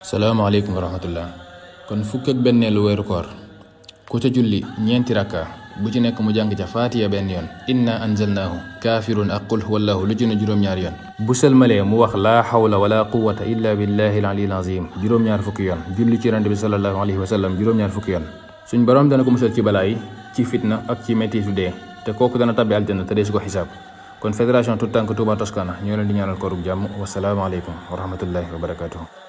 salaamaaleykum wa rahmatullah kon fukk ak benneelu weeru koor ku ca julli ñeenti rakka bu ci nekk mu jàng ca faatiya benn yoon inna anzalnaahu kaafirun ak qul huwallahu lu ci ne juróom-ñaari yoon bu sëlmalee mu wax laa xawla wala quwata illa billahi aliyil azim juróom-ñaar fukki yoon julli ci yonante bi salallahu alayhi wa sallam juróom-ñaar fukki yoon suñ boroom dana ko musal ci balaa yi ci fitna ak ci mettitu dee te kooku dana tabbi aljana te dee su ko xisaab kon fédération tout tànk Touba Toscana ñoo leen di ñaanal koorug jàmm wasalaamaaleykum wa rahmatullahi wa barakatuh